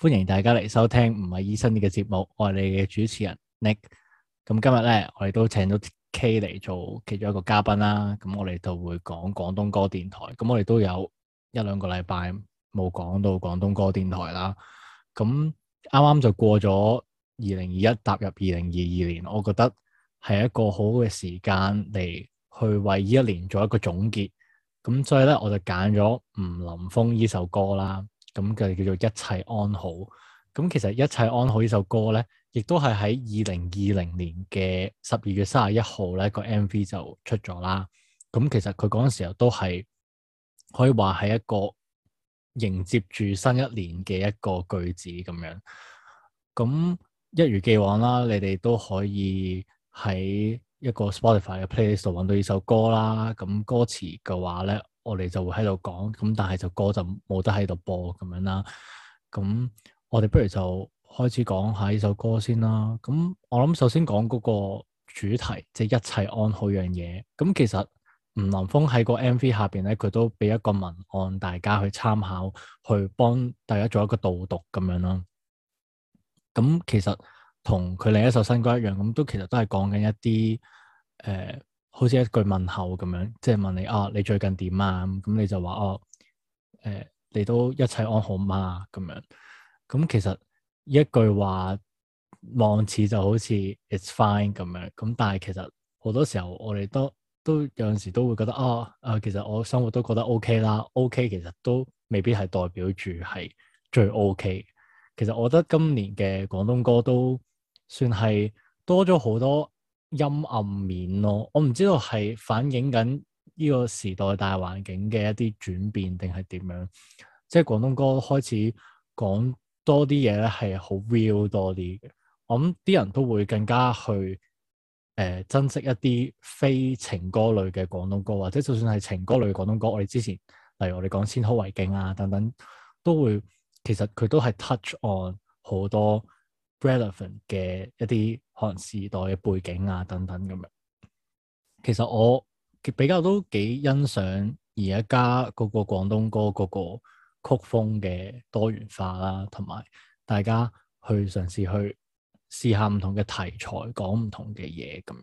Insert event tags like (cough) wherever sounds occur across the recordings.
歡迎大家嚟收聽唔係醫生呢嘅節目，我係你嘅主持人 Nick，咁今日咧我哋都請咗 K 嚟做其中一個嘉賓啦，咁我哋就會講廣東歌電台，咁我哋都有一兩個禮拜冇講到廣東歌電台啦，咁啱啱就過咗二零二一踏入二零二二年，我覺得係一個好好嘅時間嚟去為呢一年做一個總結，咁所以咧我就揀咗吳林峰呢首歌啦。咁佢哋叫做一切安好。咁其實《一切安好》呢首歌咧，亦都係喺二零二零年嘅十二月三十一號咧，個 MV 就出咗啦。咁其實佢嗰陣時候都係可以話係一個迎接住新一年嘅一個句子咁樣。咁一如既往啦，你哋都可以喺一個 Spotify 嘅 playlist 度搵到呢首歌啦。咁歌詞嘅話咧。我哋就會喺度講，咁但係就歌就冇得喺度播咁樣啦。咁我哋不如就開始講下呢首歌先啦。咁我諗首先講嗰個主題，即係一切安好樣嘢。咁其實吳林峰喺個 MV 下邊咧，佢都俾一個文案大家去參考，去幫大家做一個導讀咁樣咯。咁其實同佢另一首新歌一樣，咁都其實都係講緊一啲誒。呃好似一句問候咁樣，即係問你啊，你最近點啊？咁你就話哦，誒、啊，你都一切安好嗎？咁樣，咁其實一句話望似就好似 it's fine 咁樣，咁但係其實好多時候我哋都都有時都會覺得啊，誒、啊，其實我生活都覺得 OK 啦，OK 其實都未必係代表住係最 OK。其實我覺得今年嘅廣東歌都算係多咗好多。陰暗面咯，我唔知道係反映緊呢個時代大環境嘅一啲轉變定係點樣，即係廣東歌開始講多啲嘢咧，係好 real 多啲嘅，我諗啲人都會更加去誒、呃、珍惜一啲非情歌類嘅廣東歌，或者就算係情歌類嘅廣東歌，我哋之前例如我哋講《千好為敬》啊等等，都會其實佢都係 touch on 好多。relevant 嘅一啲可能時代嘅背景啊等等咁樣。其實我比較都幾欣賞而家嗰個廣東歌嗰個曲風嘅多元化啦，同埋大家去嘗試去試下唔同嘅題材，講唔同嘅嘢咁。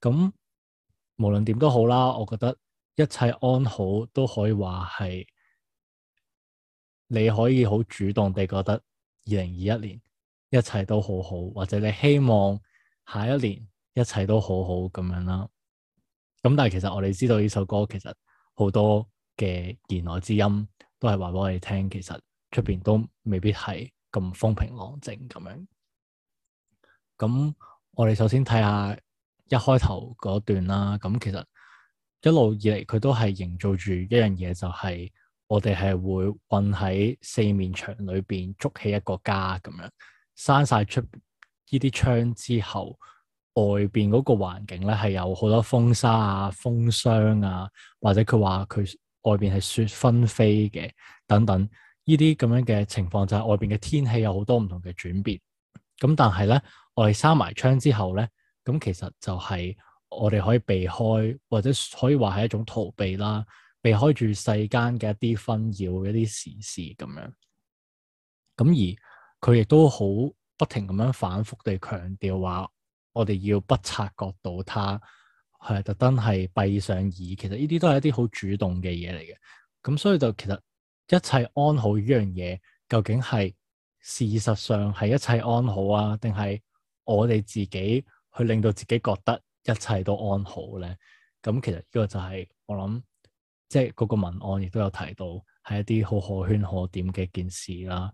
咁無論點都好啦，我覺得一切安好都可以話係你可以好主動地覺得二零二一年。一切都好好，或者你希望下一年一切都好好咁樣啦。咁但係其實我哋知道呢首歌其實好多嘅言外之音都係話俾我哋聽，其實出邊都未必係咁風平浪靜咁樣。咁我哋首先睇下一開頭嗰段啦。咁其實一路以嚟佢都係營造住一樣嘢，就係、是、我哋係會困喺四面牆裏邊築起一個家咁樣。閂晒出呢啲窗之後，外邊嗰個環境咧係有好多風沙啊、風霜啊，或者佢話佢外邊係雪紛飛嘅等等，呢啲咁樣嘅情況就係外邊嘅天氣有好多唔同嘅轉變。咁但係咧，我哋閂埋窗之後咧，咁其實就係我哋可以避開，或者可以話係一種逃避啦，避開住世間嘅一啲紛擾、一啲時事咁樣。咁而佢亦都好不停咁樣反覆地強調話，我哋要不察覺到他係特登係閉上耳，其實呢啲都係一啲好主動嘅嘢，嚟嘅。咁所以就其實一切安好呢樣嘢，究竟係事實上係一切安好啊，定係我哋自己去令到自己覺得一切都安好咧？咁其實呢個就係、是、我諗，即係嗰個文案亦都有提到，係一啲好可圈可點嘅件事啦。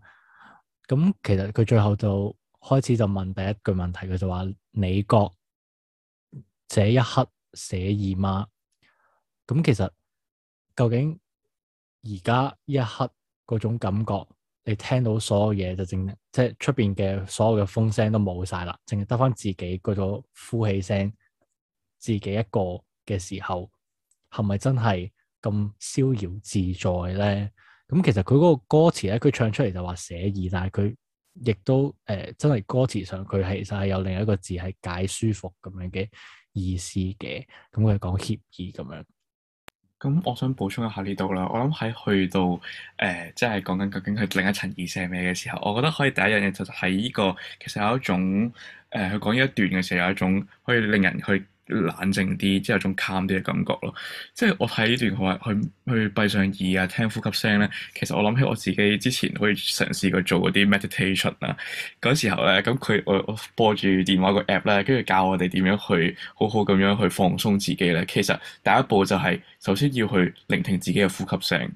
咁其實佢最後就開始就問第一句問題，佢就話：你覺這一刻寫意嗎？咁其實究竟而家一刻嗰種感覺，你聽到所有嘢，就淨即係出邊嘅所有嘅風聲都冇晒啦，淨係得翻自己嗰種呼氣聲，自己一個嘅時候，係咪真係咁逍遙自在咧？咁其實佢嗰個歌詞咧，佢唱出嚟就話寫意，但係佢亦都誒、呃、真係歌詞上佢其實係有另一個字係解舒服咁樣嘅意思嘅。咁佢講愜意咁樣。咁我想補充一下呢度啦。我諗喺去到誒，即係講緊究竟佢另一層意思係咩嘅時候，我覺得可以第一樣嘢就係呢、呢個其實有一種誒，佢講呢一段嘅時候有一種可以令人去冷靜啲，之後仲 calm 啲嘅感覺咯。即係我睇呢段話，去去閉上耳啊，聽呼吸聲咧。其實我諗起我自己之前可以嘗試過做嗰啲 meditation 啦、啊。嗰時候咧，咁佢我我播住電話個 app 咧、啊，跟住教我哋點樣去好好咁樣去放鬆自己咧。其實第一步就係首先要去聆聽自己嘅呼吸聲。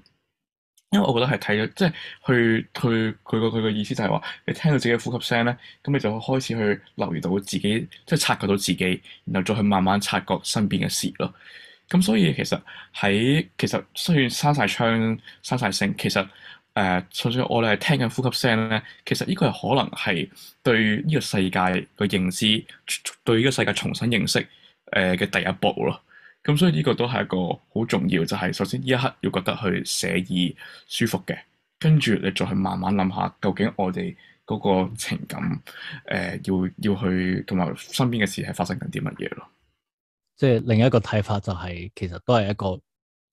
因為我覺得係睇咗，即係去去佢個佢個意思就係話，你聽到自己嘅呼吸聲咧，咁你就開始去留意到自己，即係察覺到自己，然後再去慢慢察覺身邊嘅事咯。咁所以其實喺其實雖然閂晒窗閂晒聲，其實誒，就、呃、算我哋係聽緊呼吸聲咧，其實呢個係可能係對呢個世界嘅認知，對呢個世界重新認識誒嘅第一步咯。咁所以呢個都係一個好重要，就係、是、首先呢一刻要覺得去寫意舒服嘅，跟住你再去慢慢諗下，究竟我哋嗰個情感誒、呃、要要去同埋身邊嘅事係發生緊啲乜嘢咯？即係另一個睇法就係、是，其實都係一個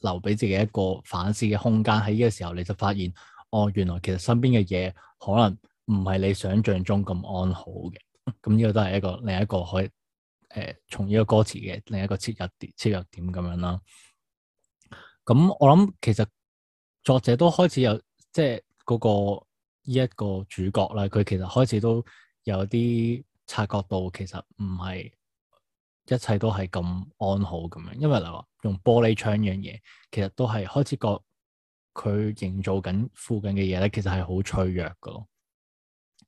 留俾自己一個反思嘅空間。喺呢個時候，你就發現哦，原來其實身邊嘅嘢可能唔係你想像中咁安好嘅。咁呢個都係一個另一個可以。誒，從呢個歌詞嘅另一個切入點切入點咁樣啦。咁我諗，其實作者都開始有即係嗰個呢一個主角啦。佢其實開始都有啲察覺到，其實唔係一切都係咁安好咁樣。因為嚟話用玻璃窗呢樣嘢，其實都係開始覺佢營造緊附近嘅嘢咧，其實係好脆弱噶。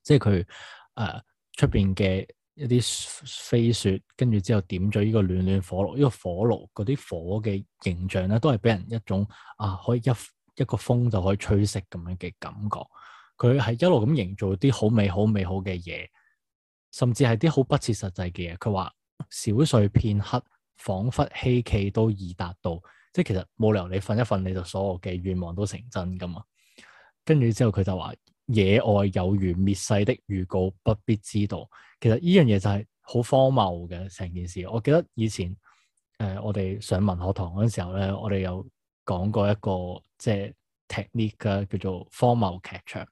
即係佢誒出邊嘅。呃一啲飛雪，跟住之後點咗呢個暖暖火爐，呢個火爐嗰啲火嘅形象咧，都係俾人一種啊，可以一一個風就可以吹熄咁樣嘅感覺。佢係一路咁營造啲好美好美好嘅嘢，甚至係啲好不切實際嘅嘢。佢話小睡片刻，仿佛希冀都已達到，即係其實冇理由你瞓一瞓你就所有嘅願望都成真噶嘛。跟住之後佢就話。野外有如滅世的預告，不必知道。其實呢樣嘢就係好荒謬嘅成件事。我記得以前，誒、呃、我哋上文學堂嗰陣時候咧，我哋有講過一個即係 technique 嘅叫做荒謬劇場。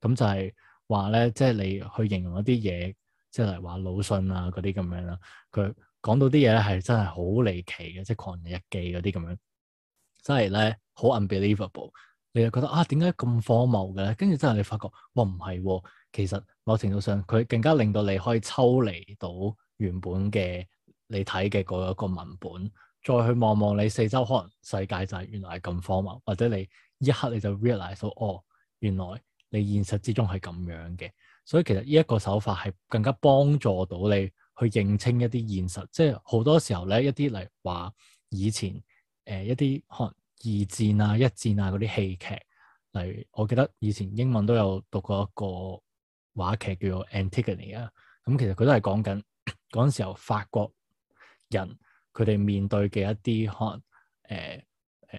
咁就係話咧，即係你去形容一啲嘢，即係例如話魯迅啊嗰啲咁樣啦。佢講到啲嘢咧係真係好離奇嘅，即係狂人日記嗰啲咁樣，真係咧好 unbelievable。你又覺得啊，點解咁荒謬嘅咧？跟住之後你發覺，哇，唔係喎，其實某程度上佢更加令到你可以抽離到原本嘅你睇嘅嗰個文本，再去望望你四周，可能世界就係原來係咁荒謬，或者你一刻你就 realise 到哦，原來你現實之中係咁樣嘅。所以其實呢一個手法係更加幫助到你去認清一啲現實，即係好多時候咧，一啲例如話以前誒、呃、一啲可能。二戰啊、一戰啊嗰啲戲劇，例如我記得以前英文都有讀過一個話劇叫做 Ant one、嗯《Antigone》啊。咁其實佢都係講緊嗰陣時候法國人佢哋面對嘅一啲，可能誒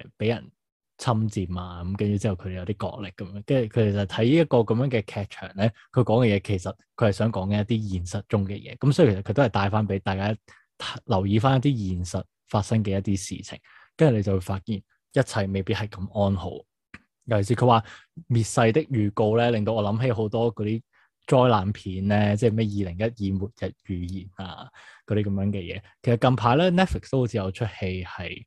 誒俾人侵佔啊，咁跟住之後佢哋有啲角力咁樣，跟住佢哋就睇呢一個咁樣嘅劇場咧。佢講嘅嘢其實佢係想講嘅一啲現實中嘅嘢，咁、嗯、所以其實佢都係帶翻俾大家留意翻一啲現實發生嘅一啲事情，跟住你就會發現。一切未必係咁安好，尤其是佢話滅世的預告咧，令到我諗起好多嗰啲災難片咧，即係咩二零一二末日預言啊嗰啲咁樣嘅嘢。其實近排咧 Netflix 都好似有出戲係，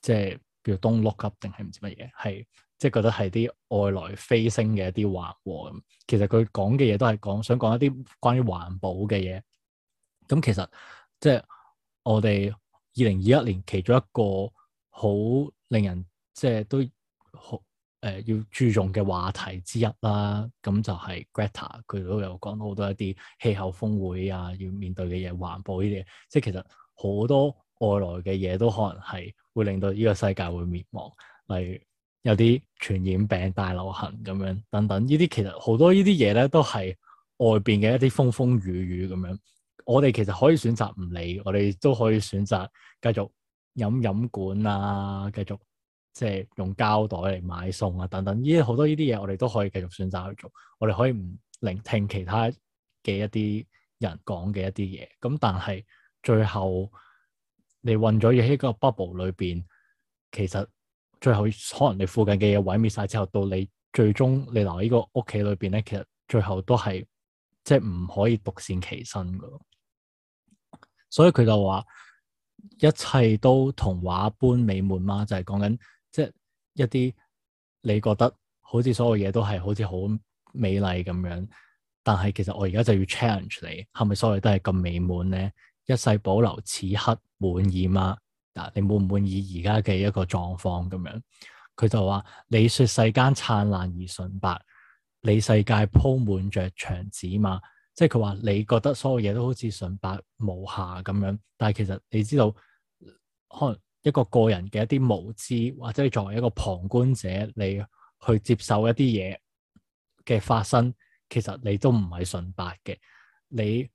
即係叫做《Don't Look Up》定係唔知乜嘢，係即係覺得係啲外來飛星嘅一啲話喎。其實佢講嘅嘢都係講想講一啲關於環保嘅嘢。咁、嗯、其實即係我哋二零二一年其中一個好。令人即係都好誒、呃，要注重嘅話題之一啦。咁就係 Greta，佢都有講好多一啲氣候峰會啊，要面對嘅嘢，環保呢啲嘢。即係其實好多外來嘅嘢都可能係會令到呢個世界會滅亡，例如有啲傳染病大流行咁樣等等。呢啲其實好多呢啲嘢咧，都係外邊嘅一啲風風雨雨咁樣。我哋其實可以選擇唔理，我哋都可以選擇繼續。飲飲管啊，繼續即係用膠袋嚟買餸啊，等等，呢啲好多呢啲嘢，我哋都可以繼續選擇去做。我哋可以唔聆聽其他嘅一啲人講嘅一啲嘢。咁但係最後你混咗嘢喺個 bubble 裏邊，其實最後可能你附近嘅嘢毀滅晒之後，到你最終你留喺個屋企裏邊咧，其實最後都係即係唔可以獨善其身噶。所以佢就話。一切都童話般美滿嗎？就係講緊即係一啲你覺得好似所有嘢都係好似好美麗咁樣，但係其實我而家就要 challenge 你，係咪所謂都係咁美滿呢？一世保留此刻滿意嗎？啊、嗯，你滿唔滿意而家嘅一個狀況咁樣？佢就話：你說世間燦爛而純白，你世界鋪滿着牆紙嘛？即係佢話：你覺得所有嘢都好似純白無瑕咁樣，但係其實你知道，可能一個個人嘅一啲無知，或者你作為一個旁觀者，你去接受一啲嘢嘅發生，其實你都唔係純白嘅。你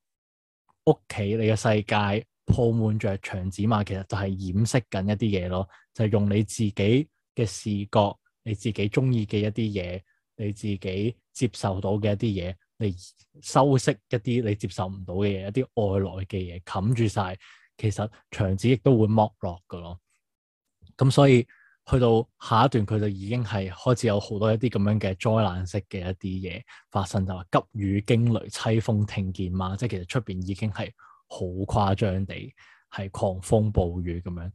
屋企、你嘅世界鋪滿着牆紙嘛，其實就係掩飾緊一啲嘢咯，就係、是、用你自己嘅視覺、你自己中意嘅一啲嘢、你自己接受到嘅一啲嘢。你修飾一啲你接受唔到嘅嘢，一啲外來嘅嘢，冚住晒，其實牆紙亦都會剝落噶咯。咁所以去到下一段，佢就已經係開始有好多一啲咁樣嘅災難式嘅一啲嘢發生，就話、是、急雨驚雷悽風聽見嘛，即係其實出邊已經係好誇張地係狂風暴雨咁樣。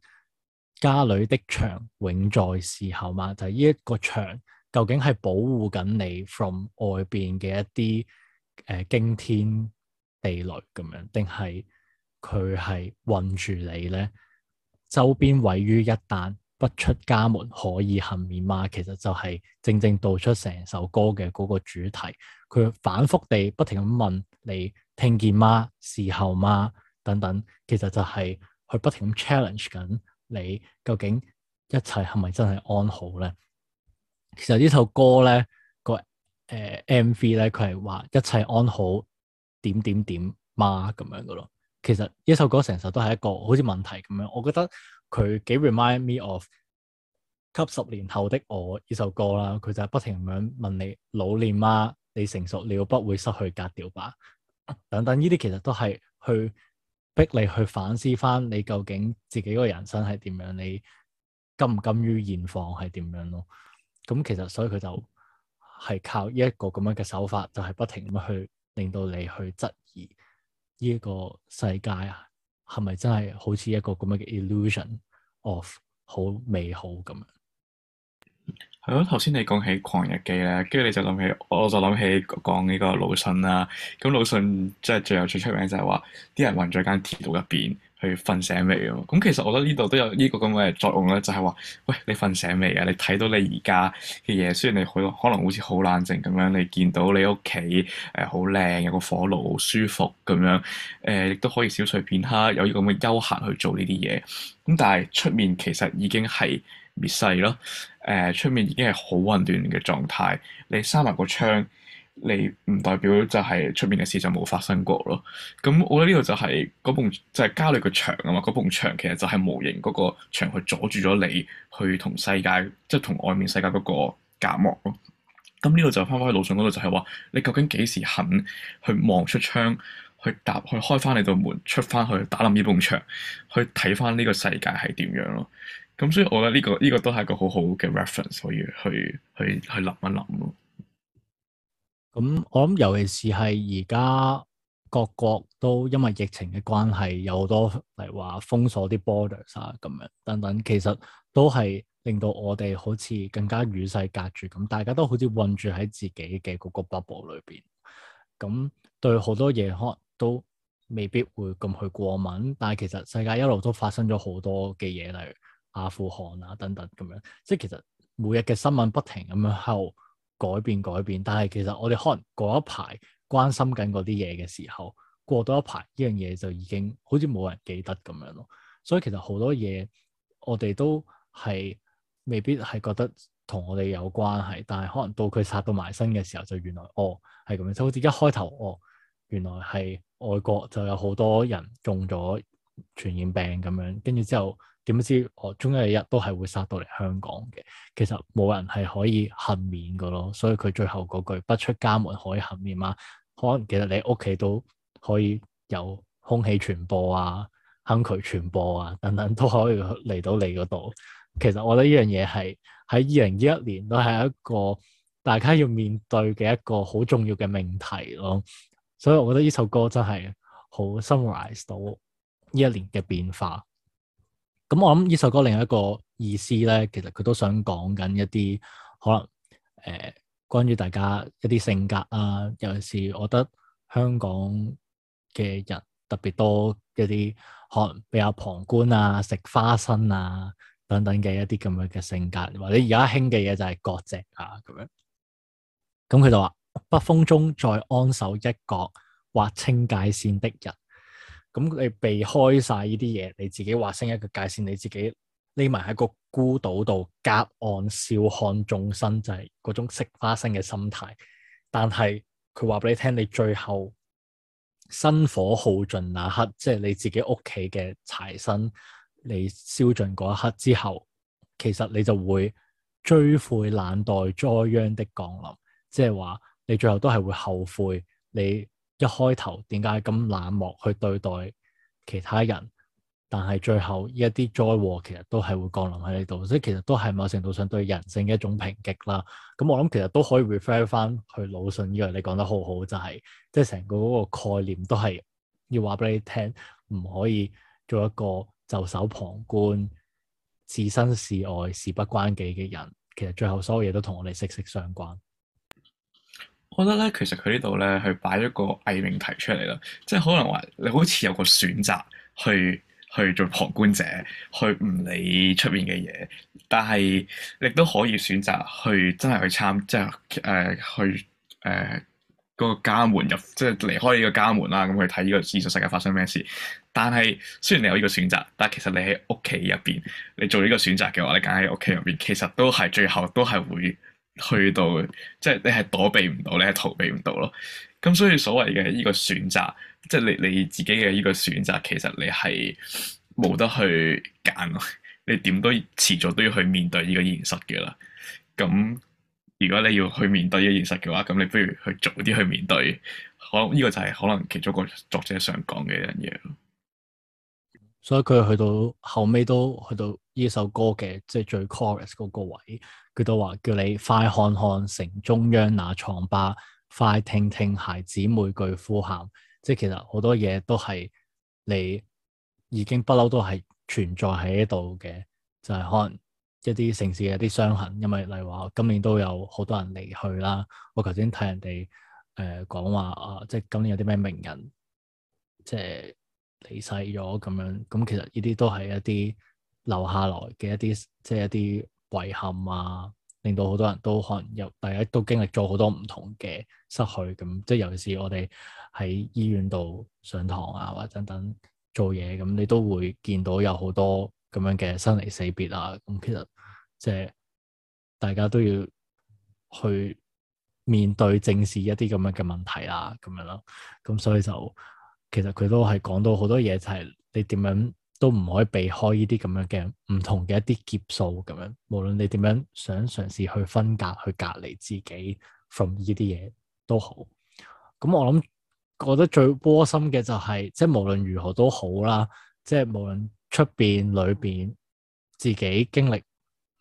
家裏的牆永在時候嘛，就係呢一個牆。究竟係保護緊你 from 外邊嘅一啲誒、呃、驚天地雷咁樣，定係佢係困住你咧？周邊位於一旦不出家門可以幸免嗎？其實就係正正道出成首歌嘅嗰個主題。佢反覆地不停咁問你：聽見嗎？事後嗎？等等。其實就係佢不停咁 challenge 緊你，究竟一切係咪真係安好咧？其實呢首歌咧，那個誒 M V 咧佢係話一切安好點點點媽咁樣嘅咯。其實呢首歌成首都係一個好似問題咁樣。我覺得佢幾 remind me of 給十年後的我呢首歌啦。佢就係不停咁樣問你老練嗎？你成熟了不會失去格調吧？等等呢啲其實都係去逼你去反思翻你究竟自己個人生係點樣？你甘唔甘於現況係點樣咯？咁其實所以佢就係靠呢一個咁樣嘅手法，就係、是、不停咁去令到你去質疑呢一個世界啊，係咪真係好似一個咁樣嘅 illusion of 好美好咁樣？係咯，頭先你講起狂日記咧，跟住你就諗起，我就諗起講呢個魯迅啦。咁魯迅即係最後最出名就係話啲人混咗間鐵路入邊。去瞓醒未啊？咁其實我覺得呢度都有呢個咁嘅作用咧，就係話：喂，你瞓醒未啊？你睇到你而家嘅嘢，雖然你可可能好似好冷靜咁樣，你見到你屋企誒好靚，有個火爐好舒服咁樣，誒亦都可以小睡片刻，有呢咁嘅休閒去做呢啲嘢。咁但係出面其實已經係滅世咯，誒出面已經係好混亂嘅狀態。你閂埋個窗。你唔代表就係出面嘅事就冇發生過咯。咁我覺得呢度就係嗰埲就係、是、家裏嘅牆啊嘛，嗰埲牆其實就係模型嗰、嗰個牆去阻住咗你去同世界，即係同外面世界嗰個隔膜咯。咁呢度就翻返去魯迅嗰度就係話，你究竟幾時肯去望出窗，去搭去開翻你度門出翻去打冧呢埲牆，去睇翻呢個世界係點樣咯？咁所以我覺得呢、呢個呢、呢個都係一個好好嘅 reference 可以去去去諗一諗咯。咁、嗯、我諗，尤其是係而家各國都因為疫情嘅關係，有好多嚟話封鎖啲 borders 啊，咁樣等等，其實都係令到我哋好似更加與世隔絕咁，大家都好似困住喺自己嘅嗰個 bubble 裏邊。咁、嗯、對好多嘢可能都未必會咁去過敏，但係其實世界一路都發生咗好多嘅嘢，例如阿富汗啊等等咁樣。即係其實每日嘅新聞不停咁樣後。改變改變，但係其實我哋可能過一排關心緊嗰啲嘢嘅時候，過到一排呢樣嘢，就已經好似冇人記得咁樣囉。所以其實好多嘢，我哋都係未必係覺得同我哋有關係，但係可能到佢殺到埋身嘅時候，就原來哦，係咁樣，就好似一開頭哦，原來係外國就有好多人中咗。傳染病咁樣，跟住之後點知我終有一日都係會殺到嚟香港嘅。其實冇人係可以幸免噶咯，所以佢最後嗰句不出家門可以幸免啊，可能其實你屋企都可以有空氣傳播啊、坑渠傳播啊等等都可以嚟到你嗰度。其實我覺得呢樣嘢係喺二零二一年都係一個大家要面對嘅一個好重要嘅命題咯，所以我覺得呢首歌真係好 summarize 到。呢一年嘅變化，咁我諗呢首歌另一個意思咧，其實佢都想講緊一啲可能誒、呃，關於大家一啲性格啊，尤其是我覺得香港嘅人特別多一啲可能比較旁觀啊、食花生啊等等嘅一啲咁樣嘅性格，或者而家興嘅嘢就係割席啊咁樣。咁佢就話：北風中再安守一角，劃清界線的人。咁你避開晒呢啲嘢，你自己劃升一個界線，你自己匿埋喺個孤島度，隔岸笑看眾生，就係、是、嗰種食花生嘅心態。但係佢話俾你聽，你最後薪火耗盡那刻，即、就、係、是、你自己屋企嘅柴薪你燒盡嗰一刻之後，其實你就會追悔懶待災殃的降臨。即係話你最後都係會後悔你。一開頭點解咁冷漠去對待其他人，但係最後依一啲災禍其實都係會降臨喺呢度，所以其實都係某程度上對人性嘅一種抨擊啦。咁，嗯，我諗其實都可以 refer 翻去魯迅依樣，你講得好好，就係即係成個嗰個概念都係要話俾你聽，唔可以做一個袖手旁觀、置身事外、事不關己嘅人。其實最後所有嘢都同我哋息息相關。我覺得咧，其實佢呢度咧，佢擺咗個偽命題出嚟啦，即係可能話你好似有個選擇去去做旁觀者，去唔理出面嘅嘢，但係你都可以選擇去真係去參，即係誒、呃、去誒、呃嗰個家門入，即係離開呢個家門啦，咁去睇呢個現實世界發生咩事。但係雖然你有呢個選擇，但係其實你喺屋企入邊，你做呢個選擇嘅話，你揀喺屋企入邊，其實都係最後都係會。去到即係你係躲避唔到，你係逃避唔到咯。咁所以所謂嘅呢個選擇，即係你你自己嘅呢個選擇，其實你係冇得去揀咯。你點都遲早都要去面對呢個現實嘅啦。咁如果你要去面對呢個現實嘅話，咁你不如去早啲去面對。可能呢個就係可能其中一個作者想講嘅一樣嘢。所以佢去到後尾都去到呢首歌嘅即係最 chorus 嗰個位，佢都話叫你快看看城中央那瘡疤，快聽聽孩子每句呼喊。即係其實好多嘢都係你已經不嬲都係存在喺呢度嘅，就係可能一啲城市嘅一啲傷痕，因為例如話今年都有好多人離去啦。我頭先睇人哋誒講話啊，即係今年有啲咩名人即係，離世咗咁樣，咁其實呢啲都係一啲留下來嘅一啲，即係一啲遺憾啊，令到好多人都可能有，大家都經歷咗好多唔同嘅失去，咁即係尤其是我哋喺醫院度上堂啊，或者等等做嘢，咁你都會見到有好多咁樣嘅生離死別啊，咁其實即係大家都要去面對正視一啲咁樣嘅問題啦，咁樣咯，咁所以就。其實佢都係講到好多嘢，就係你點樣都唔可以避開呢啲咁樣嘅唔同嘅一啲劫數咁樣。無論你點樣想嘗試去分隔，去隔離自己 from 呢啲嘢都好。咁我諗覺得最窩心嘅就係、是，即係無論如何都好啦，即係無論出邊、裏邊自己經歷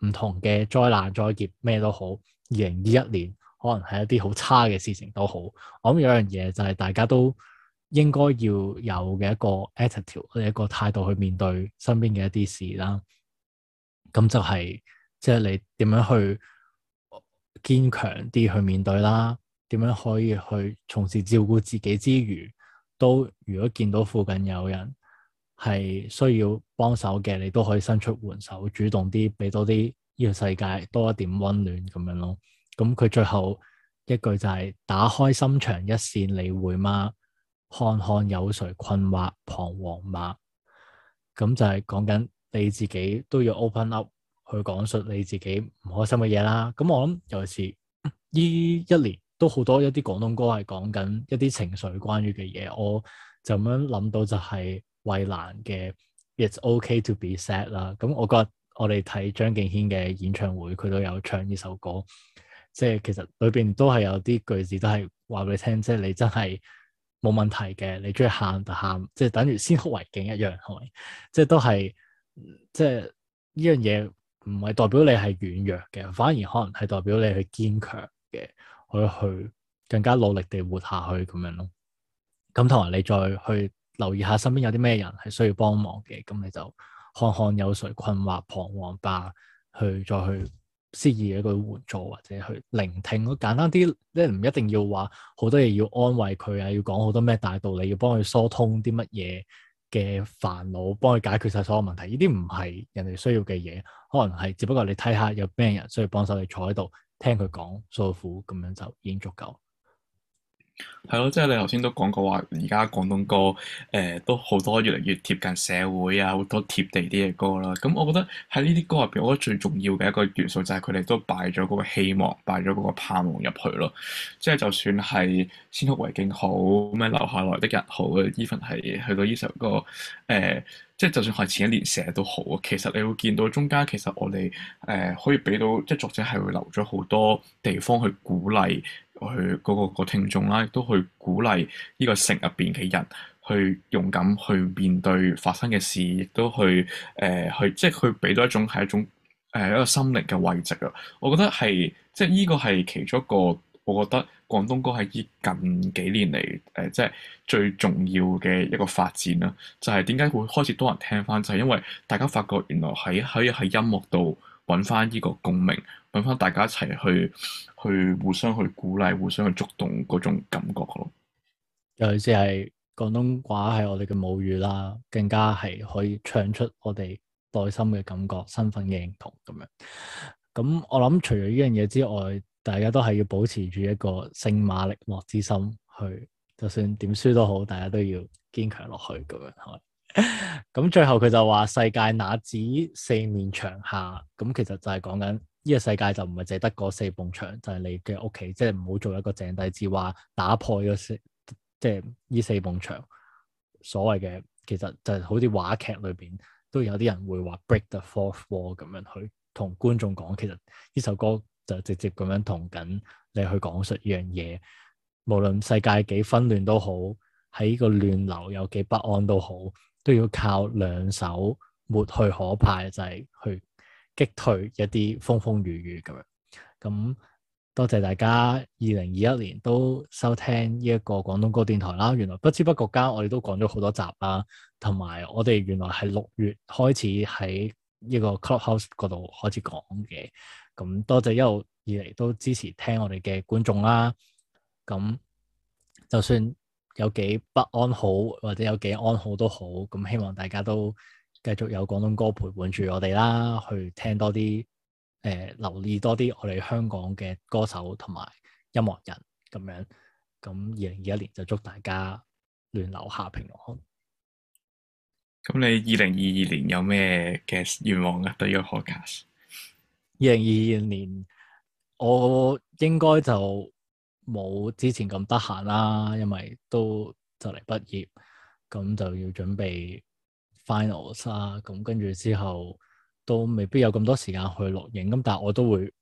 唔同嘅災難、災劫咩都好，二零二一年可能係一啲好差嘅事情都好。我諗有樣嘢就係大家都。應該要有嘅一個 attitude，一個態度去面對身邊嘅一啲事啦。咁就係、是、即係你點樣去堅強啲去面對啦？點樣可以去從事照顧自己之餘，都如果見到附近有人係需要幫手嘅，你都可以伸出援手，主動啲俾多啲呢個世界多一點溫暖咁樣咯。咁佢最後一句就係、是、打開心腸一線，你會嗎？看看有誰困惑彷徨嗎？咁就係講緊你自己都要 open up 去講述你自己唔開心嘅嘢啦。咁我諗尤其係呢一年都好多一啲廣東歌係講緊一啲情緒關於嘅嘢。我就咁樣諗到就係衞蘭嘅 It's OK to be sad 啦。咁我覺得我哋睇張敬軒嘅演唱會，佢都有唱呢首歌。即係其實裏邊都係有啲句子都係話俾你聽，即係你真係。冇問題嘅，你中意喊就喊，即係等於先哭為敬一樣，係咪？即係都係，即係呢樣嘢唔係代表你係軟弱嘅，反而可能係代表你去堅強嘅，可以去更加努力地活下去咁樣咯。咁同埋你再去留意下身邊有啲咩人係需要幫忙嘅，咁你就看看有誰困惑、彷徨吧，去再去。適意嘅一援助，或者去聆聽，簡單啲，咧唔一定要話好多嘢要安慰佢啊，要講好多咩大道理，要幫佢疏通啲乜嘢嘅煩惱，幫佢解決晒所有問題，呢啲唔係人哋需要嘅嘢，可能係只不過你睇下有咩人需要幫手，你坐喺度聽佢講訴苦，咁樣就已經足夠。係咯，即係、就是、你頭先都講過話，而家廣東歌誒、呃、都好多越嚟越貼近社會啊，好多貼地啲嘅歌啦。咁、嗯、我覺得喺呢啲歌入邊，我覺得最重要嘅一個元素就係佢哋都擺咗嗰個希望，擺咗嗰個盼望入去咯。即係就算係《先哭為敬》好，咩留下來的人好啊，Even 係去到呢首歌，誒、呃，即係就算係前一年寫都好啊。其實你會見到中間，其實我哋誒、呃、可以俾到，即係作者係會留咗好多地方去鼓勵。去嗰個個聽眾啦，亦都去鼓勵呢個城入邊嘅人去勇敢去面對發生嘅事，亦都去誒、呃、去，即係去俾到一種係一種誒、呃、一個心靈嘅慰藉啊！我覺得係即係呢個係其中一個，我覺得廣東歌喺近幾年嚟誒、呃、即係最重要嘅一個發展啦。就係點解會開始多人聽翻？就係、是、因為大家發覺原來可以喺音樂度揾翻呢個共鳴。翻大家一齊去，去互相去鼓勵，互相去觸動嗰種感覺咯。又似係廣東話係我哋嘅母語啦，更加係可以唱出我哋內心嘅感覺、身份嘅認同咁樣。咁我諗除咗呢樣嘢之外，大家都係要保持住一個星馬力莫之心去，就算點輸都好，大家都要堅強落去咁樣係。咁 (laughs) 最後佢就話世界那指四面牆下，咁其實就係講緊。呢個世界就唔係淨係得嗰四埲牆，就係、是、你嘅屋企，即係唔好做一個井底之蛙，打破咗、這個就是、四，即係呢四埲牆。所謂嘅其實就係好似話劇裏邊都有啲人會話 break the fourth wall 咁樣去同觀眾講，其實呢首歌就直接咁樣同緊你去講述一樣嘢。無論世界幾紛亂都好，喺個亂流有幾不安都好，都要靠兩手抹去可怕就係去。擊退一啲風風雨雨咁樣，咁多謝大家二零二一年都收聽呢一個廣東歌電台啦。原來不知不覺間，我哋都講咗好多集啦，啊，同埋我哋原來係六月開始喺呢個 club house 嗰度開始講嘅。咁多謝一路以嚟都支持聽我哋嘅觀眾啦。咁就算有幾不安好或者有幾安好都好，咁希望大家都繼續有廣東歌陪伴住我哋啦，去聽多啲，誒、呃、留意多啲我哋香港嘅歌手同埋音樂人咁樣。咁二零二一年就祝大家亂流下平安。咁你二零二二年有咩嘅願望啊？對於 Podcast？二零二二年我應該就冇之前咁得閒啦，因為都就嚟畢業，咁就要準備。finals 啦，咁跟住之後都未必有咁多時間去錄影，咁但係我都會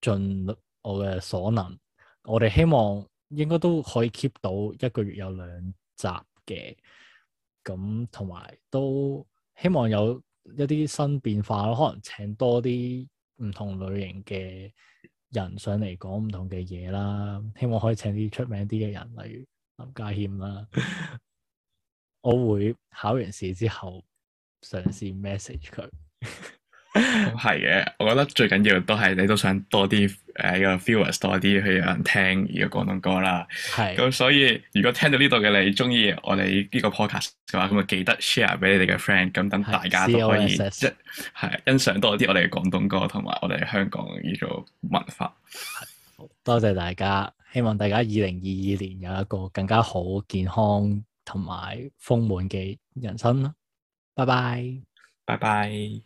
盡我嘅所能。我哋希望應該都可以 keep 到一個月有兩集嘅，咁同埋都希望有一啲新變化咯，可能請多啲唔同類型嘅人上嚟講唔同嘅嘢啦。希望可以請啲出名啲嘅人，例如林家謙啦。 (laughs) 我會考完試之後嘗試 message 佢。係嘅，我覺得最緊要都係你都想多啲誒個 viewers 多啲去有人聽呢個廣東歌啦。係。咁所以如果聽到呢度嘅你中意我哋呢個 podcast 嘅話，咁就記得 share 俾你哋嘅 friend，咁等大家都可以一欣賞多啲我哋嘅廣東歌同埋我哋香港呢個文化。多謝大家，希望大家二零二二年有一個更加好健康，同埋豐滿嘅人生啦，拜拜，拜拜。